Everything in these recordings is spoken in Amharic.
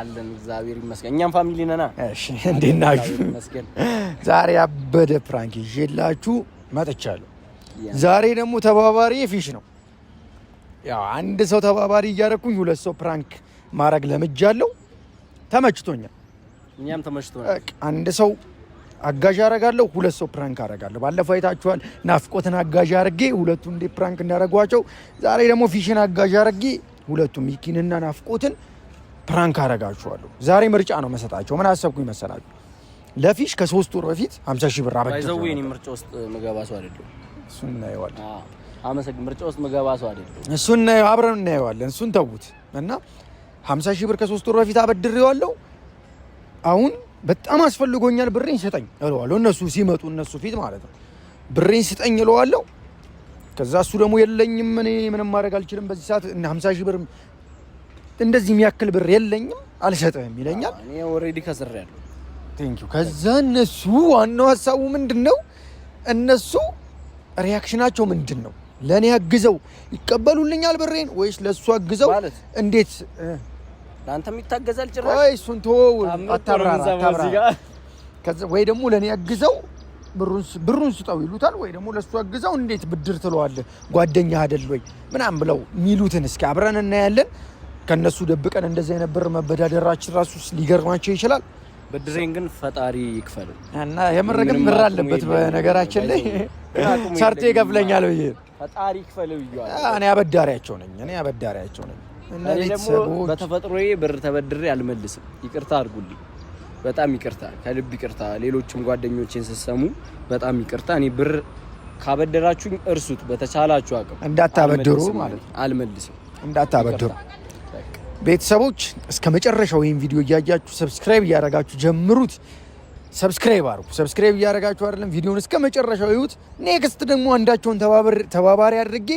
አለን እግዚአብሔር ይመስገን። እኛም ፋሚሊ ነና። እሺ እንዴት ናችሁ? ዛሬ አበደ ፕራንክ ይዤላችሁ መጥቻለሁ። ዛሬ ደግሞ ተባባሪ ፊሽ ነው። ያው አንድ ሰው ተባባሪ እያደረኩኝ ሁለት ሰው ፕራንክ ማድረግ ለምጃለሁ። ተመችቶኛል። እኛም ተመችቶናል። አንድ ሰው አጋዥ አረጋለሁ፣ ሁለት ሰው ፕራንክ አረጋለሁ። ባለፈው አይታችኋል። ናፍቆትን አጋዥ አርጌ ሁለቱን እንዴት ፕራንክ እንዳረጓቸው። ዛሬ ደግሞ ፊሽን አጋዥ አርጌ ሁለቱም ሚኪንና ናፍቆትን ፕራንክ አረጋችኋለሁ። ዛሬ ምርጫ ነው መሰጣቸው። ምን አሰብኩ ይመሰላችሁ? ለፊሽ ከሶስት ወር በፊት 50 ሺህ ብር አበደዘው። እኔ ምርጫ ውስጥ ምገባ ሰው አይደለሁም። እሱን እናየዋለን። አመሰግን። ምርጫ ውስጥ ምገባ ሰው እሱን እናየው፣ አብረን እናየዋለን። እሱን ተውት እና 50 ሺህ ብር ከሶስት ወር በፊት አበድሬዋለሁ። አሁን በጣም አስፈልጎኛል፣ ብሬን ስጠኝ እለዋለሁ። እነሱ ሲመጡ እነሱ ፊት ማለት ነው። ብሬን ስጠኝ እለዋለሁ። ከዛ እሱ ደግሞ የለኝም እኔ ምንም ማድረግ አልችልም በዚህ ሰዓት 50 ሺህ ብር እንደዚህ የሚያክል ብር የለኝም አልሰጥህም ይለኛል። እኔ ኦልሬዲ ከስሬያለሁ። ቴንኪው። ከዛ እነሱ ዋናው ሀሳቡ ምንድን ነው? እነሱ ሪያክሽናቸው ምንድን ነው? ለእኔ አግዘው ይቀበሉልኛል ብሬን ወይስ ለእሱ አግዘው እንዴት ለአንተም ይታገዛል? ጭራሽ አይ እሱን ተወው፣ አታብራራ ወይ ደግሞ ለእኔ አግዘው ብሩን ስጠው ይሉታል፣ ወይ ደግሞ ለእሱ አግዘው እንዴት ብድር ትለዋለህ ጓደኛ አይደል ወይ ምናምን ብለው ሚሉትን እስኪ አብረን እናያለን። ከነሱ ደብቀን እንደዚያ የነበር መበዳደራችን ራሱ ሊገርማቸው ይችላል። ብድሬን ግን ፈጣሪ ይክፈል እና የምረግም ምር አለበት። በነገራችን ላይ ሰርቶ ይከፍለኛል ብዬ ፈጣሪ ይክፈል እኔ አበዳሪያቸው ነኝ። እኔ አበዳሪያቸው ነኝ። እና ቤተሰቦች በተፈጥሮዬ ብር ተበድሬ አልመልስም። ይቅርታ አድርጉልኝ። በጣም ይቅርታ፣ ከልብ ይቅርታ። ሌሎችም ጓደኞቼን ስሰሙ በጣም ይቅርታ። እኔ ብር ካበደራችሁኝ እርሱት፣ በተቻላችሁ አቅም እንዳታበድሩ ማለት አልመልስም፣ እንዳታበድሩ ቤተሰቦች እስከ መጨረሻው ይህን ቪዲዮ እያያችሁ ሰብስክራይብ እያደረጋችሁ ጀምሩት። ሰብስክራይብ አሩ ሰብስክራይብ እያደረጋችሁ አይደለም ቪዲዮን እስከ መጨረሻው ይዩት። ኔክስት ደግሞ አንዳቸውን ተባባሪ አድርጌ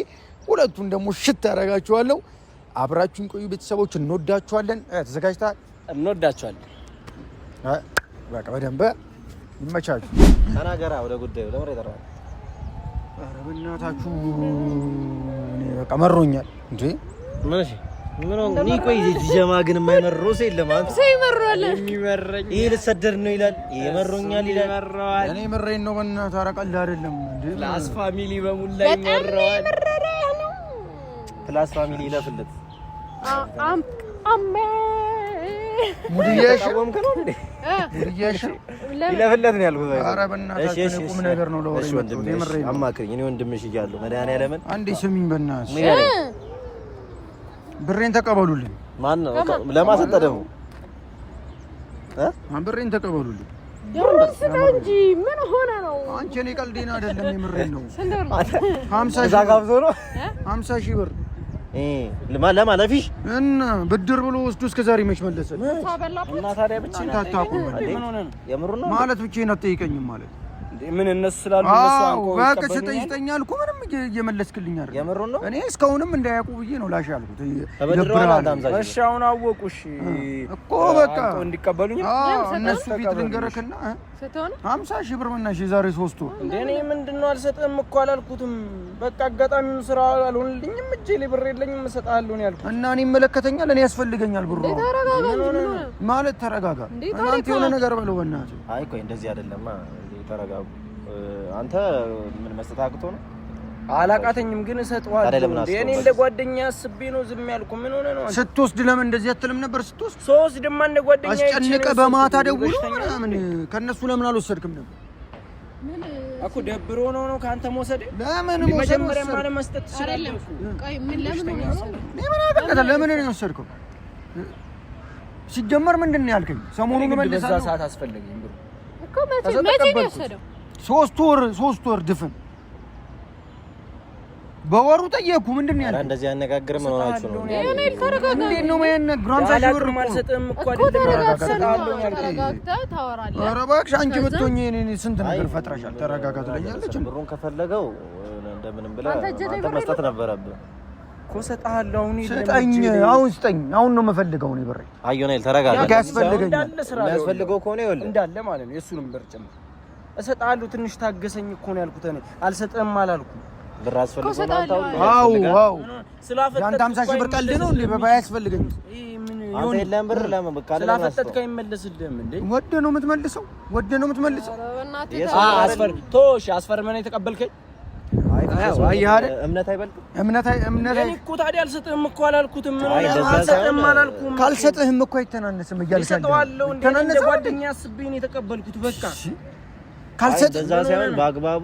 ሁለቱን ደግሞ ሽት ያደረጋችኋለሁ። አብራችሁን ቆዩ ቤተሰቦች፣ እንወዳችኋለን። ተዘጋጅታ እንወዳችኋለን። በቃ በደንብ ይመቻችሁ። ተናገራ ወደ ጉዳዩ ለምን ይጠራል? ኧረ በእናታችሁ በቃ መሮኛል እንዴ ምን ምን ቆይ፣ እዚህ ጀማ ግን የማይመር ሰው የለም። አንተ ሰው ይመረዋል። የሚመረኝ ይሄ ልሰደድ ነው ይላል፣ ይመሮኛል ይላል። እኔ መረኝ ነው በእናትህ። ኧረ ቀልድ አይደለም። ፕላስ ፋሚሊ በሙላ ይመረዋል። ፕላስ ፋሚሊ ይለፍለት። ይለፍለት ነው ያልኩት። እሺ ቁም ነገር ነው ለወሬ። አማክሪኝ፣ እኔ ወንድምሽ እያለሁ መድኃኒዓለምን አንዴ ስሚኝ በእናትሽ ብሬን ተቀበሉልኝ። ማን ነው ለማሰጠ ደግሞ እ ብሬን ተቀበሉልኝ። ስጠው ምን ሆነ ነው? አንቺ ቀልዴን አይደለም ብድር ብሎ ወስዱ እስከ ዛሬ መች መለሰ? እና ብቻ አትጠይቀኝም ማለት ምን እነሱ ስላሉ በቃ ስጠኝ ስጠኝ አልኩ። ምንም እየመለስክልኝ አይደል? የምሩን ነው። እኔ እስካሁንም እንዳያውቁ ብዬ ነው ላሽ አልኩት። እሺ አሁን አወቁሽ እኮ በቃ እንዲቀበሉኝ እነሱ ፊት ልንገረክና ሀምሳ ሺህ ብር ምናሽ የዛሬ ሶስት ወር እንደ እኔ ምንድን ነው አልሰጥህም እኮ አላልኩትም። በቃ አጋጣሚውን ስራ አልሆንልኝም፣ እጄ ላይ ብር የለኝም፣ እሰጥሃለሁ ነው ያልኩት። እና እኔ ይመለከተኛል፣ እኔ ያስፈልገኛል ብሩ ማለት ተረጋጋ። እናንተ የሆነ ነገር በለው በእናትህ። አይ ቆይ እንደዚህ አይደለም ተረጋጉ። አንተ ምን መስጠት አቅቶ ነው? አላቃተኝም ግን እሰጠዋለሁ። እኔ እንደ ጓደኛ አስቤ ነው ዝም ያልኩ። ምን ሆነ ነው? ስትወስድ ለምን እንደዚህ አትልም ነበር? ስትወስድ ሶስት ድማ እንደ ጓደኛ አስጨንቀ በማታ ደውሎ ምናምን ከእነሱ ለምን አልወሰድክም ነበር? እኮ ደብሮ ነው ነው ከአንተ መውሰድ ለምን መጀመሪያ ማለ መስጠት ትችላለህ። ምን ለምን ሆነ ለምን ነው የወሰድከው? ሲጀመር ምንድን ነው ያልከኝ? ሰሞኑን መልሳ ሰዓት አስፈለገኝ ብሩ ሶስት ወር ሶስት ወር ድፍን በወሩ ጠየቅኩ። ምንድን ነው እንደዚህ ምን ሆናችሁ ነው? እባክሽ አንቺ ብትሆኚ ስንት ነገር ፈጥረሻል። ተረጋጋ ትለኛለች። ብሩን ከፈለገው እንደምንም ብለህ አንተ መስጠት ነበረብህ። ሰጠሃለሁ። አሁን ስጠኝ። አሁን ነው የምፈልገው። እኔ ብሬ ተረጋጋ። ከሆነ እንዳለ ማለት ነው። የእሱንም ብር ጭምር እሰጥሃለሁ። ትንሽ ታገሰኝ እኮ ነው ያልኩት። እኔ አልሰጥህም አላልኩም። ብር አስፈልገው። ሀምሳ ሺህ ብር ቀልድ ነው እንዴ? ብር ለምን ስላፈጠጥክ አይመለስልህም እንዴ? ወደ ነው የምትመልሰው፣ ወደ ነው የምትመልሰው። አስፈር የተቀበልከኝ እምነት እኮ ካልሰጥህም እኮ አይተናነስም እያልክ ይሰጠዋለሁ። ጓደኛ አስቤ ነው የተቀበልኩት በቃ ካልሰጥ በዛ ሳይሆን በአግባቡ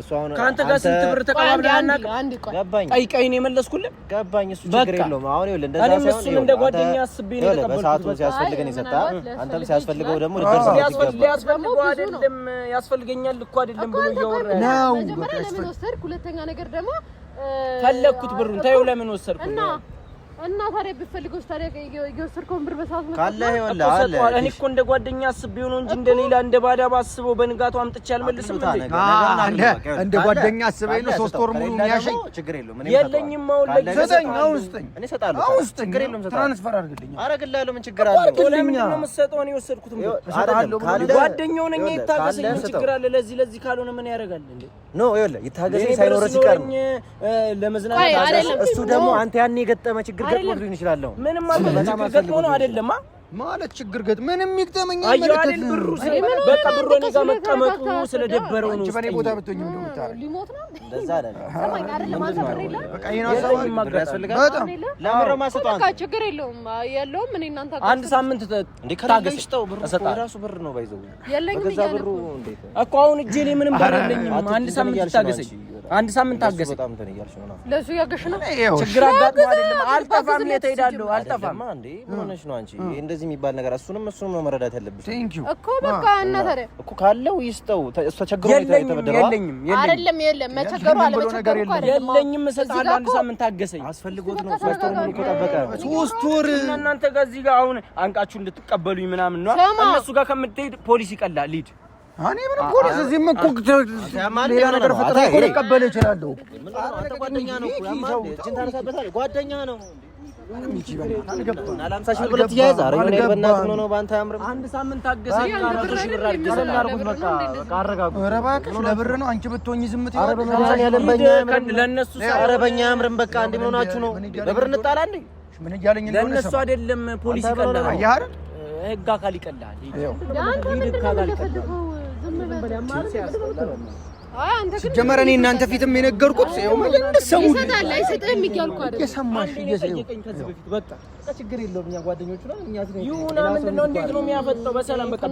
እሱ አሁን ከአንተ ጋር ስንት ብር ተቀባብለህ አናውቅም። አንድ ገባኝ፣ እሱ ችግር የለውም። አሁን እንደ ጓደኛ አስቤ በሰዓቱ ሲያስፈልገህ ነው አንተም ሲያስፈልገው ደግሞ አይደለም ያስፈልገኛል እኮ አይደለም ብሎ እያወራ ነው። ሁለተኛ ነገር ደግሞ ፈለግኩት ብሩን። ተይው፣ ለምን ወሰድኩ እና ታዲያ ብትፈልገው ታዲያ የወሰድከውን ብር በሰዓት ካለ ካለህ ይኸውልህ አለ። እኔ እኮ እንደ ጓደኛ አስቤው ነው እንጂ እንደ ሌላ እንደ ባዳ ባስበው በንጋቱ አምጥቼ አልመልስም። እንደ ጓደኛ አስበኝ ነው። ሶስት ወር ሙሉ የሚያሸኝ ችግር የለውም። የለኝም። አሁን ስጠኝ፣ አሁን ስጠኝ፣ እኔ እሰጥሃለሁ። አሁን ስጠኝ፣ ትራንስፈር አድርግልኝ፣ አደርግልሃለሁ። ምን ችግር አለው? ለምንድን ነው የምትሰጠው? እኔ የወሰድኩትም ጓደኛው ነኝ። ይታገሰኝ፣ ምን ችግር አለ? ለዚህ ለዚህ ካልሆነ ምን ያደርጋል እንዴ? ኖ ይኸውልህ፣ ይታገሰኝ ሳይኖረህ ሲቀር ለመዝናናት እሱ ደግሞ አንተ ያኔ የገጠመ ችግር ገጥሞት ሊሆን ይችላል። ምንም ገጥሞ ነው አይደለም ማለት ችግር ገጥ ምንም ይግጠመኝ አይመለከት ብሩ በቃ ብሩ እኔ ጋር መቀመጡ ስለደበረው ነው። በኔ ቦታ ብትሆኝ ነው ሊሞት ነው። እንደዛ አይደለም። ችግር የለውም የለውም። እኔ እናንተ አንድ ሳምንት ታገስ። ራሱ ብር ነው ባይዘው የለኝም እኮ አሁን እጄ ላይ ምንም ብር አንድ ሳምንት ታገሰኝ አንድ ሳምንት አገሰ። በጣም ታገስ። ለሱ ያገሽ ነው ችግር አጋጥሞ አይደለም። አልጠፋም፣ የት እሄዳለሁ? አልጠፋም። አንዴ ምን ሆነሽ ነው አንቺ? እንደዚህ የሚባል ነገር እሱንም እሱንም ነው መረዳት ያለብሽ እኮ በቃ። እና ታዲያ እኮ ካለው ይስጠው። እሱ ተቸግሮ የተበደረው የለኝም፣ የለኝም፣ የለም መቸገሩ አለ መቸገሩ እኮ አይደለም። የለኝም እሰጥሀለሁ። አንድ ሳምንት ታገሰኝ። አስፈልጎት ነው ሶስት ወር እኮ ጠበቀ። ሶስት ወር እናንተ ጋር እዚህ ጋር አሁን አንቃችሁ እንድትቀበሉኝ ምናምን ነው። እነሱ ጋር ከምትሄድ ፖሊስ ይቀላል ሂድ እኔ ምንም እኮ ነው። እዚህም ሌላ ነገር ፈጥራ እኮ ልቀበል እችላለሁ። ጓደኛ ነው ጓደኛ ነው። አንድ ሳምንት ለብር ነው። አንቺ ብትሆኚ ዝም ለእነሱ ምርም በቃ እንደምን ሆናችሁ ነው? ለብር እንጣላለን። ምን እያለኝ ለእነሱ አይደለም ፖሊስ ይቀላል፣ ህግ አካል ይቀላል። ሲጀመር እኔ እናንተ ፊትም የነገርኩት እንደሰሙ እየሰማሽ ችግር የለውም። እኛ ጓደኞቹ ነው እኛ ይሁና እንዴት ነው በሰላም በቃ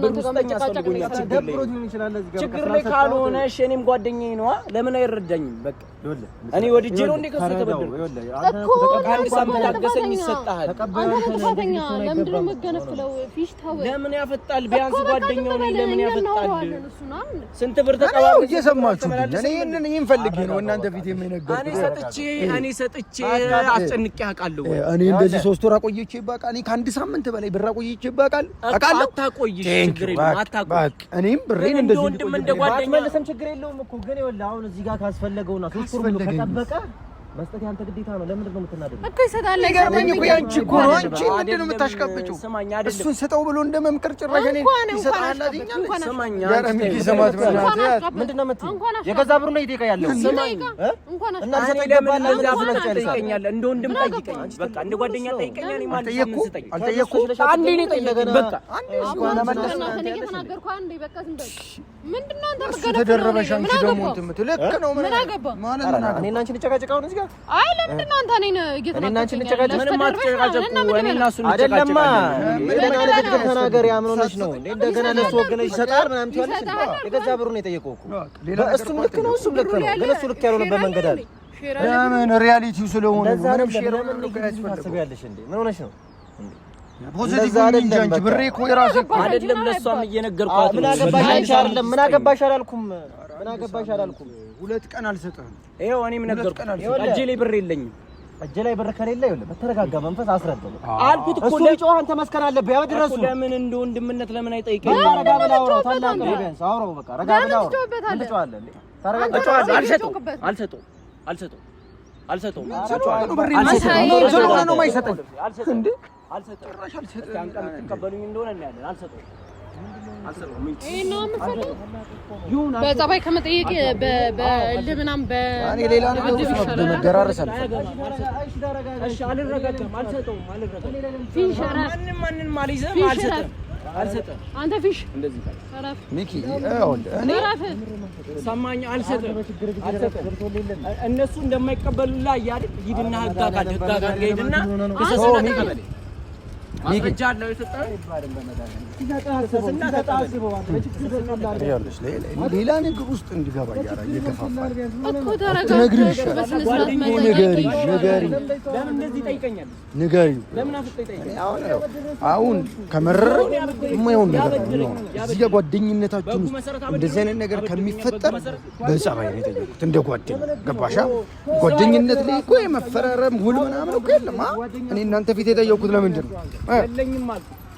ይችላል። ችግር ላይ ካልሆነ እሺ፣ እኔም ጓደኛዬ ነዋ። ለምን አይረዳኝም? በቃ እኔ ወድጄ ነው እንደ ከሱ እኮ ከአንድ ሳምንት ታገሰኝ ይሰጥሃል። አንተ ጥፋተኛ ለምንድን ነው ፊሽታው ለምን ያፈጣል? ቢያንስ ጓደኛው ነኝ ለምን ያፈጣል? ስንት ብር ተቀባብሎ እየሰማችሁ እኔ ይሄንን ይሄን ፈልጌ ነው እናንተ ፊት የምነገር እኔ ሰጥቼ እኔ ሰጥቼ አስጨንቄ አውቃለሁ። እኔ እንደዚህ ሶስት ወር አቆይቼ በቃ እኔ ከአንድ ሳምንት በላይ ብር አቆይቼ በቃል አውቃለሁ። አታቆይሽ፣ ችግር የለውም አታቆይ። እኔም ብሬን እንደዚህ ወንድም እንደ ጓደኛ መልሰም ችግር የለውም እኮ ግን ይኸውልህ አሁን እዚህ ጋር ካስፈለገውና ሶስት ቁርም ከጠበቀ መስጠት ያንተ ግዴታ ነው። ለምንድን ነው እኮ? ይሰጣል። እኮ ያንቺ እኮ ነው። አንቺ ምንድን ነው እሱን ስጠው ብሎ እንደ መምከር ጭራሽ የገዛ ብሩ ነው ያለው። ማለት ነው ምን ነው። አይ ለምንድን ነው አንተ እኔን ነው እንደገና ለሱ ወገነሽ ይሰጣል ምናምን ትያለሽ። የገዛ ብሩ ነው የጠየቀው እኮ እሱም ልክ ነው፣ እሱም ልክ ነው። ግን እሱ ልክ ያልሆነበት መንገድ አለ። ለምን ሪያሊቲው ስለሆነ ታስቢያለሽ እንዴ? ምን ሆነሽ ነው? ብሬ እኮ የራሴ አይደለም። ለእሷም እየነገርኳት ምን አገባሽ አላልኩም ምን አገባሽ አላልኩም። ሁለት ቀን አልሰጠህም። ይኸው እኔም ነገርኩህ። እጄ ላይ ብር የለኝም። እጄ ላይ ብር ከሌለ ይኸውልህ፣ በተረጋጋ መንፈስ አስረዳው አልኩት እኮ። ለጮህ አንተ መስከን አለብህ። ያው ድረሱ ለምን እንደ ወንድምነት ለምን አይጠይቀኝ? ረጋ ብለህ አውራው። ታላቅ ቢያንስ አውራው። በቃ ረጋ ብለህ አውራው። እንጨዋለን። ተረጋጋ። እጨዋለሁ። አልሰጠውም፣ አልሰጠውም፣ አልሰጠውም፣ አልሰጠውም። ስለሆነ ነው የማይሰጠኝ እንደ ጭራሽ አልሰጠውም። አንቀም ትቀበሉኝ እንደሆነ እናያለን። አልሰጠውም በጸባይ ከመጠየቅ በልምናም በሌላ መደራረስ አልፈልግም። አንተ ፊሽ ሚኪ ሰማኝ፣ አልሰጥም። እነሱ እንደማይቀበሉላ ሌላ ነገር ውስጥ እንዲገባ አሁን ከመረረኝ የማይሆን ነገር ነው። እዚህ ጋር ጓደኝነታችን ውስጥ እንደዚህ አይነት ነገር ከሚፈጠር በጸባይ ነው የጠየቁት። እንደ ጓደኝ ገባሻ? ጓደኝነት ላይ እኮ የመፈራረም ውል ምናምን እኮ የለም። እኔ እናንተ ፊት የጠየቁት ለምንድን ነው? አይደለኝም አልኩ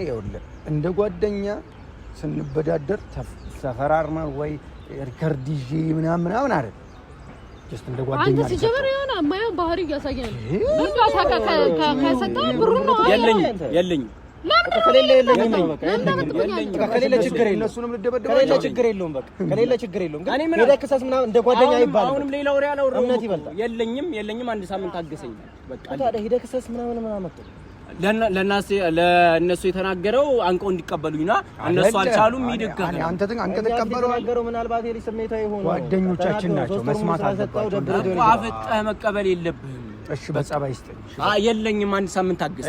ይኸውልህ እንደ ጓደኛ ስንበዳደር ተፈራርመን ወይ ሪከርድ ይዤ ምናምን ምናምን አይደል። ጀስት እንደ ጓደኛ ሲጀምር የሆነ ባህሪ የለኝም ከሌለ ችግር የለውም። በቃ ከሌለ ችግር የለውም። ግን ሄደህ ክሰስ ምናምን እንደ ጓደኛ አሁንም ሌላ ወሬ የለኝም የለኝም። አንድ ሳምንት አገሰኝ በቃ ሄደህ ክሰስ ምናምን ምናምን ለነሱ የተናገረው አንቀው እንዲቀበሉኝና እነሱ አልቻሉም። ይድገም አንተ ተናገረው። ምናልባት የልጅ ስሜታዊ ሆኖ ጓደኞቻችን ናቸው መስማት አለባቸው። አፍጠህ መቀበል የለብህም። እሺ በጸባይ ስጠኝ። የለኝም አንድ ሳምንት ታገስ።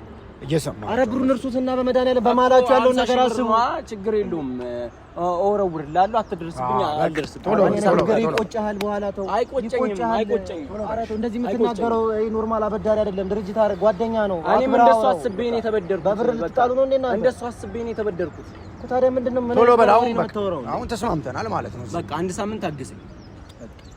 እየሰማ አረ ብሩን እርሱትና በመድኃኒዓለም በማላችሁ ያለውን ነገር አስቡ። ችግር የለውም እወረውርልሃለሁ። አትደርስብኝ፣ አልደርስብኝ። ይቆጨሃል፣ በኋላ ተው። አይቆጨኝም፣ እንደዚህ የምትናገረው ኖርማል አበዳሪ አይደለም፣ ድርጅት ጓደኛ ነው። እኔም እንደሱ አስቤ ነው የተበደርኩት። በብር ልትጣሉ ነው እንዴ? እንደሱ አስቤ ነው የተበደርኩት። ታዲያ ምንድን ነው? ቶሎ በል አሁን ተስማምተናል ማለት ነው። በቃ አንድ ሳምንት አግዘኝ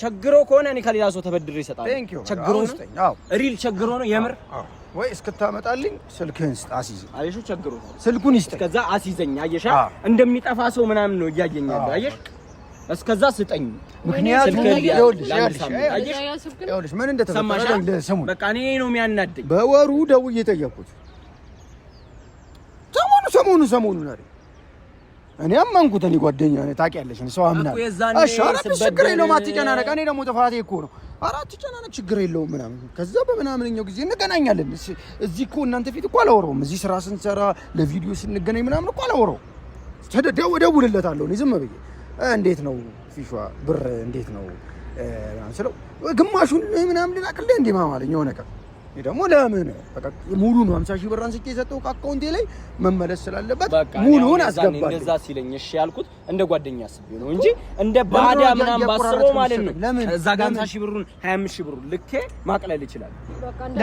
ቸግሮ ከሆነ እኔ ከሌላ ሰው ተበድሬ ይሰጣል። ቸግሮ ነው፣ ሪል ቸግሮ ነው የምር። ወይ እስክታመጣልኝ ስልክህን ስጥ። አሲዝ አየሽው፣ ቸግሮ ስልኩን ይስጥ። ከዛ አሲዘኝ፣ አየሻ፣ እንደሚጠፋ ሰው ምናምን ነው እያየኝ ያለ አየሽ። እስከዛ ስጠኝ። ምክንያቱም ይኸውልሽ ምን እንደተፈጠረ ስሙ። በቃ እኔ ነው የሚያናደኝ። በወሩ ደውዬ ጠየቅኩት። ሰሞኑ ሰሞኑ ሰሞኑን ነው እኔ አመንኩት። እኔ ጓደኛ ነኝ ታውቂያለሽ። እኔ ሰው አምናለሁ። እሺ አራት ችግር የለውም አትጨናነቅ። እኔ ደግሞ ጥፋቴ እኮ ነው። አራት ጨናነቅ ችግር የለውም ምናምን። ከዛ በምናምንኛው ጊዜ እንገናኛለን። እዚህ እኮ እናንተ ፊት እኮ አላወራሁም። እዚህ ስራ ስንሰራ ለቪዲዮ ስንገናኝ ምናምን እኮ አላወራሁም። እደውልለታለሁ። እኔ ዝም ብዬ እንዴት ነው ፊሿ ብር እንዴት ነው ስለው ግማሹን ምናምን ልላክልህ እንዴ ማማለኝ የሆነ ቀን ደግሞ ለምን በቃ ሙሉ ነው 50 ሺህ ብር አንስቼ የሰጠው አካውንቴ ላይ መመለስ ስላለበት ሙሉውን አስገባለሁ። እንደዛ ሲለኝ እሺ ያልኩት እንደ ጓደኛ አስቤ ነው እንጂ እንደ ባዳ ምናምን ባስሮ ማለት ነው። ለምን እዛ ጋር 50 ሺህ ብሩን 25 ሺህ ብሩን ልኬ ማቅለል ይችላል።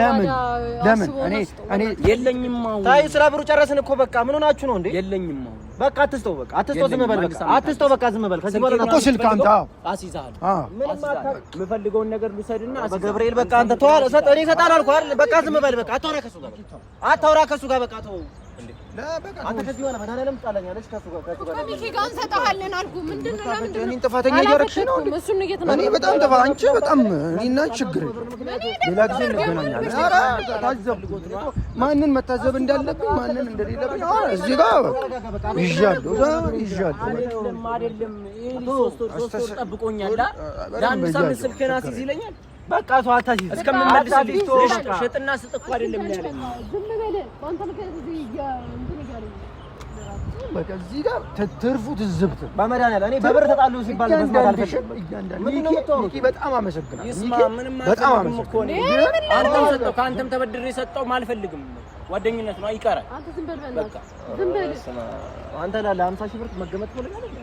ለምን ለምን እኔ እኔ የለኝም። አሁን ታይ ስራ ብሩ ጨረስን እኮ በቃ ምን ሆናችሁ ነው እንዴ? የለኝም አሁን በቃ አትስጠው፣ በቃ አትስጠው፣ ዝም በል፣ በቃ አትስጠው፣ በቃ ዝም በል። ከዚህ በኋላ እኮ ስልክ አንተ አስይዘሃል። ምንም የምፈልገውን ነገር ልውሰድና በገብርኤል በቃ አንተ ተዋል፣ እኔ እሰጥሀለሁ አልኩህ አይደል? በቃ ዝም በል፣ በቃ አታውራ ከእሱ ጋር፣ በቃ አታውራ ከእሱ ጋር፣ በቃ ተወው። ጥፋተኛ እያደረግሽ ነው? በጣም ጥፋ አንቺ በጣም እኔና ችግር ሌላ ጊዜ እንገናኛለን። ማንን መታዘብ እንዳለብኝ ማንን እንደሌለብኝ እዚህ ጋር ይዣለሁ ይዣለሁ። ጠብቆኛል። ለአንድ ሳምንት ስልክህን አስይዝ ይለኛል በቃ ሰው አታሲዝ እስከምመልስልሽ ሽጥና ስጥ እኮ አይደለም ያለ ዝም በል ባንተ ምክንያት እዚህ እንትን ይጋለኝ በቃ እዚህ ጋር ትርፉ ትዝብት በመድኃኒዓለም እኔ በብር ተጣሉ ሲባል መስማት አልፈልግም። በጣም አመሰግናለሁ። ምንም አንተም ሰጠው ከአንተም ተበድሬ ሰጠው አልፈልግም። ጓደኝነት ነው ይቀራል። አንተ ዝም በል በል አንተ ለሀምሳ ሺህ ብር መገመት ትፈልጋለህ?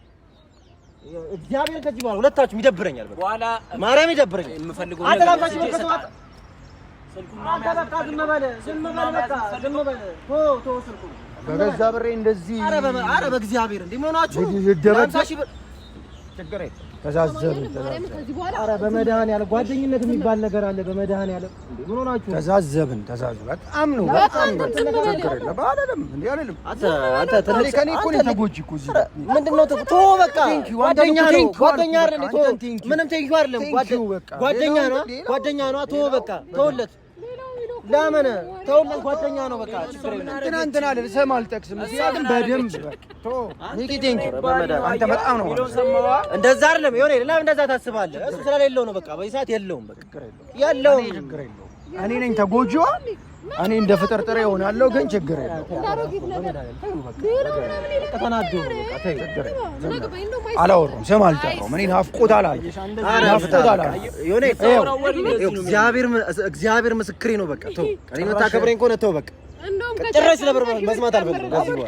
እግዚአብሔር ከዚህ በኋላ ሁለታችሁም ይደብረኛል። በኋላ ማርያም ይደብረኛል። የምፈልገው አንተ ላምታችሁ በቃ ሰው አንተ በቃ ዝም በል ዝም በል በቃ ዝም በል ቶ ቶ ስልኩ በገዛ ብሬ እንደዚህ ኧረ በእግዚአብሔር እንዲህ መሆናችሁ ላምታችሁ ችግር የለም ተዛዘኑ ኧረ በመድኃኒዓለም ጓደኝነት የሚባል ነገር አለ። በመድኃኒዓለም ምን ሆናችሁ ተዛዘብን? ተዛዙ በጣም ነው። ምንድን ነው በቃ ጓደኛ ነው። ጓደኛ አይደለም፣ ምንም ቴንኪው አይደለም። ጓደኛ ነው፣ ጓደኛ ነው። በቃ ተውለት ለምን ተውም፣ ጓደኛ ነው በቃ ችግር የለም። ትናንትና አይደል ስም አልጠቅስም። እሳትም በደንብ ኒኪ ቴንኪ በመዳን አንተ በጣም ነው እንደዛ አይደለም የሆነ ለምን እንደዛ ታስባለህ? እሱ ስለሌለው ነው በቃ በዚህ ሰዓት የለውም በቃ የለውም። እኔ ነኝ ተጎጂዋ እኔ እንደ ፍጥር ጥሬ እሆናለሁ፣ ግን ችግር አላወሩም። ስም አልጠራሁም። እኔ ናፍቆት አላየሽ፣ ናፍቆት እግዚአብሔር ምስክሬ ነው። በቃ ተው፣ እኔን ከሆነ ተው፣ በቃ ጭራሽ መስማት አልፈልግም።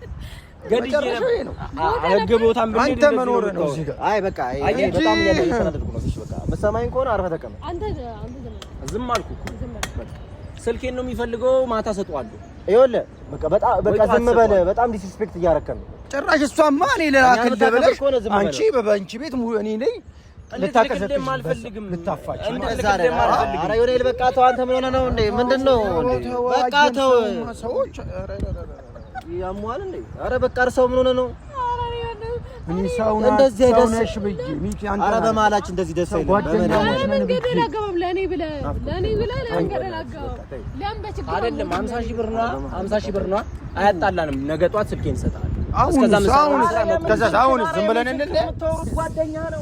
ህግ ቦታም አንተ መኖር ነው እዚህ ጋር። አይ በቃ በጣም ነው። እሺ በቃ መሰማኝ ከሆነ አርፈህ ተቀመጥ። ዝም አልኩ እኮ ስልኬን ነው የሚፈልገው። ማታ ሰጠዋለሁ። ይኸውልህ በቃ በጣም በቃ ዝም በል። በጣም ዲስሪስፔክት እያረከን ነው ጭራሽ። እሷማ እኔ ልላክል ብለሽ አንቺ በአንቺ ቤት እኔ ነኝ ልታቀሰቅሽ አልፈልግም። በቃ ተው። አንተ ምን ሆነህ ነው? ምንድን ነው? በቃ ተው ያሟል እንዴ? አረ በቃ እርሳው ምን ሆነ ነው? እንደዚህ አይደስ አረ አይደለም ሀምሳ ብር አያጣላንም። ነገ ጧት ስልኬን እሰጥሀለሁ። አሁን ዝም ብለን እንደ ጓደኛ ነው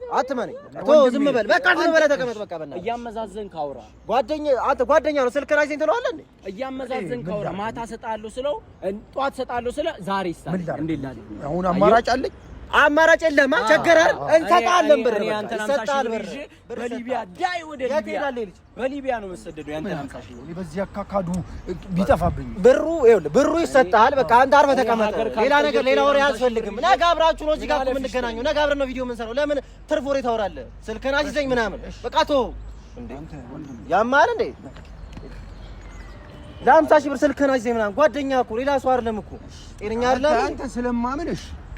አትመነኝ። ዝም በል በቃ፣ ዝም ተቀመጥ። በቃ ጓደኛ ነው። ስልክ ላይ ትለዋለህ እንዴ? እያመዛዘንክ ማታ እሰጥሀለሁ ስለው፣ ጠዋት እሰጥሀለሁ ስለ ዛሬ ይሳል እንዴ? አሁን አማራጭ አለኝ አማራጭ የለማ ቸገረን፣ እንሰጣለን። ብር ይሰጣል። ብር በሊቢያ ዳይ ወደ ሊቢያ በሊቢያ ነው መሰደደው። ያንተ አምሳሽ በዚህ አካካዱ ቢጠፋብኝ ብሩ ይኸውልህ፣ ብሩ ይሰጣል። በቃ አንተ አርፈህ ተቀመጥ። ሌላ ነገር ሌላ ወሬ አያስፈልግም። ነገ አብራችሁ ነው እዚህ ጋር የምንገናኘው። ነገ አብረን ነው ቪዲዮ የምንሰራው። ለምን ትርፍ ወሬ ታወራለህ? ስልክህን አስይዘኝ ምናምን በቃ ተወው። ያማል እንዴ ለአምሳ ሺህ ብር ስልክህን አስይዘኝ ምናምን። ጓደኛ እኮ ሌላ ሰው አይደለም እኮ ጤነኛ አይደለም። አንተ ስለማምንሽ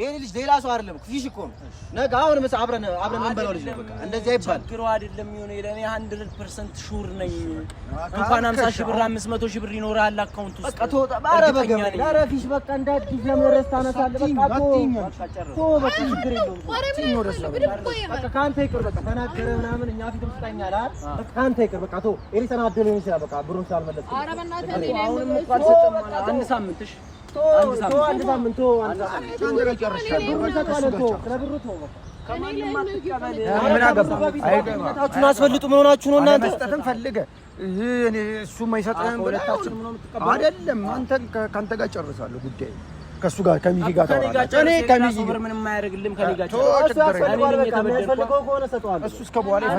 ይሄን ልጅ ሌላ ሰው አይደለም፣ ፊሽ እኮ ነው። ነገ አሁን ምሳ አብረን አብረን እንበላው ልጅ ነው። በቃ እንደዚህ አይባል። ችግሩ አይደለም የሆነ ለኔ 100% ሹር ነኝ። እንኳን 50 ሺህ ብር 500 ሺህ ብር ይኖራል አካውንት ውስጥ። በቃ ተወጣ። ኧረ በገመድ ኧረ ፊሽ በቃ እንደ እንዳዲስ ለመረስ ታነሳለህ። በቃ ተወው። በቃ ችግር የለውም። በቃ ከአንተ ይቅር። በቃ ተናገረ ምናምን እኛ ፊት ትስጠኛለህ አይደል? በቃ ከአንተ ይቅር። በቃ ተወው። ኤሪ ተናደለ ይችላል። በቃ ብሩን ሳልመለስ አሁንም እንኳን ሰጠ ማለት አንድ ሳምንት እሺ ምን አገባ? አይቀጣችሁን አስፈልጡ። ምን ሆናችሁ ነው እናንተ? መስጠትም ፈልገ እሱ የማይሰጥህም አይደለም። አንተ ከአንተ ጋር ጨርሳለሁ ጉዳይ ከሱ ጋር ከሚኪ ጋር ታወራለህ። እኔ ከሚኪ ጋር ምንም አያደርግልም። ከኔ ጋር እሱ እስከ በኋላ እኔ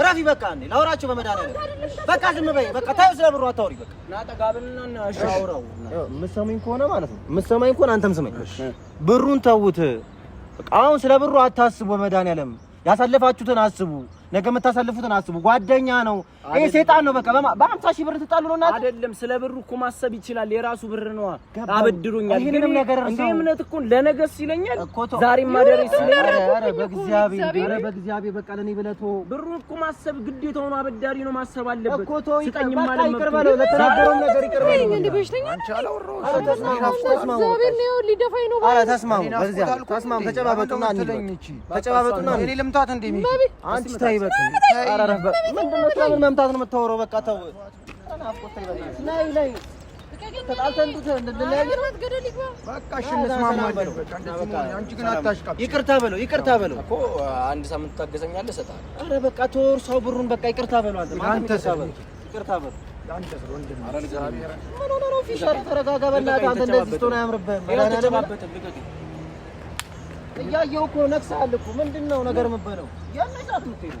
እረፊ። በቃ አንዴ ላውራቸው። በመድኃኒዓለም በቃ ዝም በይ። በቃ ታዩ ስለ ብሩ አታውሪ። በቃ የምትሰማኝ ከሆነ ማለት ነው የምትሰማኝ ከሆነ አንተም ስማኝ። ብሩን ተውት። አሁን ስለ ብሩ አታስቡ። በመድኃኒዓለም ያሳለፋችሁትን አስቡ። ነገ የምታሳልፉትን አስቡ። ጓደኛ ነው ይሄ፣ ሴጣን ነው። በቃ በአምሳ ሺህ ብር ትጣሉ ነው እናት አይደለም። ስለ ብሩ እኮ ማሰብ ይችላል። የራሱ ብር ነው፣ አበድሮኛል። ይሄንም ነገር እንደ እምነት እኮ ለነገስ ሲለኛል፣ ዛሬ ማደረስ ሲለኛል። አረ በእግዚአብሔር ኧረ በእግዚአብሔር በቃ ለኔ ብለህ ተወው። ብሩ እኮ ማሰብ ግዴታ ነው። አበዳሪ ነው ማሰብ አለበት እኮ ተወው። ይቀኝ ማለት ነው፣ ይቀርባለ ለተናገረው ነገር ይቀርባለ። በለው። እንደ በሽተኛ ኧረ ተስማሙ፣ ሊደፋኝ ነው። አረ ተስማሙ፣ በእግዚአብሔር ተስማሙ። ተጨባበጡና እንሂድ፣ ተጨባበጡና እኔ ልምታት እንደ አንቺ ታይ በቃ ምንድን ነው? መምታት ነው የምታወራው? በቃ ተው። ይቅርታ በለው ይቅርታ በለው አንድ ሳምንት ታገዘኛለህ እሰጥሀለሁ። ኧረ በቃ ተወርሷው ብሩን በቃ ይቅርታ በለው ተረጋጋ በእናትህ አንተ እንደዚህ ስትሆን አያምርብህም። እያየሁ እኮ ነግሰሀል እኮ ምንድን ነው ነገር የምትበለው? የት ነው ይዛት የምትሄደው?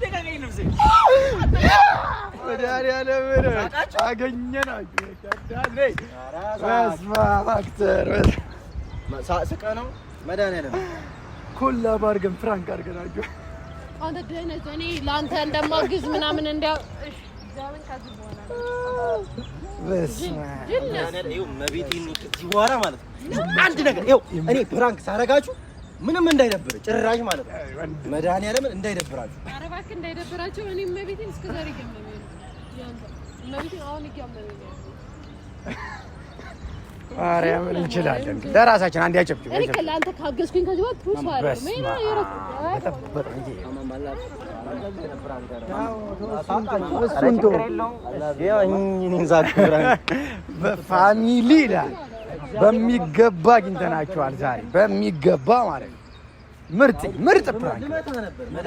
መድኃኒዓለም አገኘናችሁ። መድኃኒዓለም ኮላብ አድርገን ፍራንክ አድርገናችሁ አንተ ድህነት እኔ ለአንተ እንደማግዝ ምናምን እንዲያው መቤቴ ከዚህ በኋላ ማለት ነው አንድ ነገር እኔ ፕራንክ ሳረጋችሁ ምንም እንዳይደብር ጭራሽ ማለት ነው። መድኃኒዓለም እንዳይደብራችሁ፣ ኧረ እባክህ እንዳይደብራችሁ። እኔ እመቤቴን እስከ ዛሬ ገመመኝ እመቤቴን፣ አሁን ይገመመኝ። ማርያምን እንችላለን ለራሳችን አንድ ያጨብጭ። እኔ ከላንተ ካገዝኩኝ ከዚህ ወጥ ፕሩፍ አለ ምን ይረፍ ተጠበጥ እንጂ ፋሚሊ ይላል በሚገባ አግኝተናቸዋል። ዛሬ በሚገባ ማለት ነው። ምርጥ ምርጥ ፕራንክ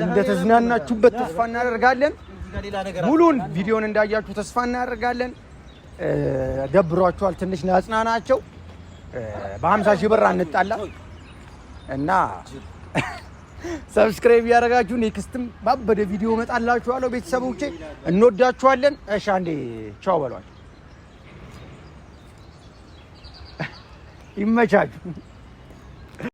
እንደተዝናናችሁበት ተስፋ እናደርጋለን። ሙሉን ቪዲዮን እንዳያችሁ ተስፋ እናደርጋለን። ደብሯችኋል፣ ትንሽ ናጽናናቸው። በሀምሳ ሺህ ብር አንጣላ እና ሰብስክራይብ ያደረጋችሁ ኔክስትም ባበደ ቪዲዮ እመጣላችኋለሁ። ቤተሰቦቼ እንወዳችኋለን። እሺ አንዴ ቻው በሏል። İmme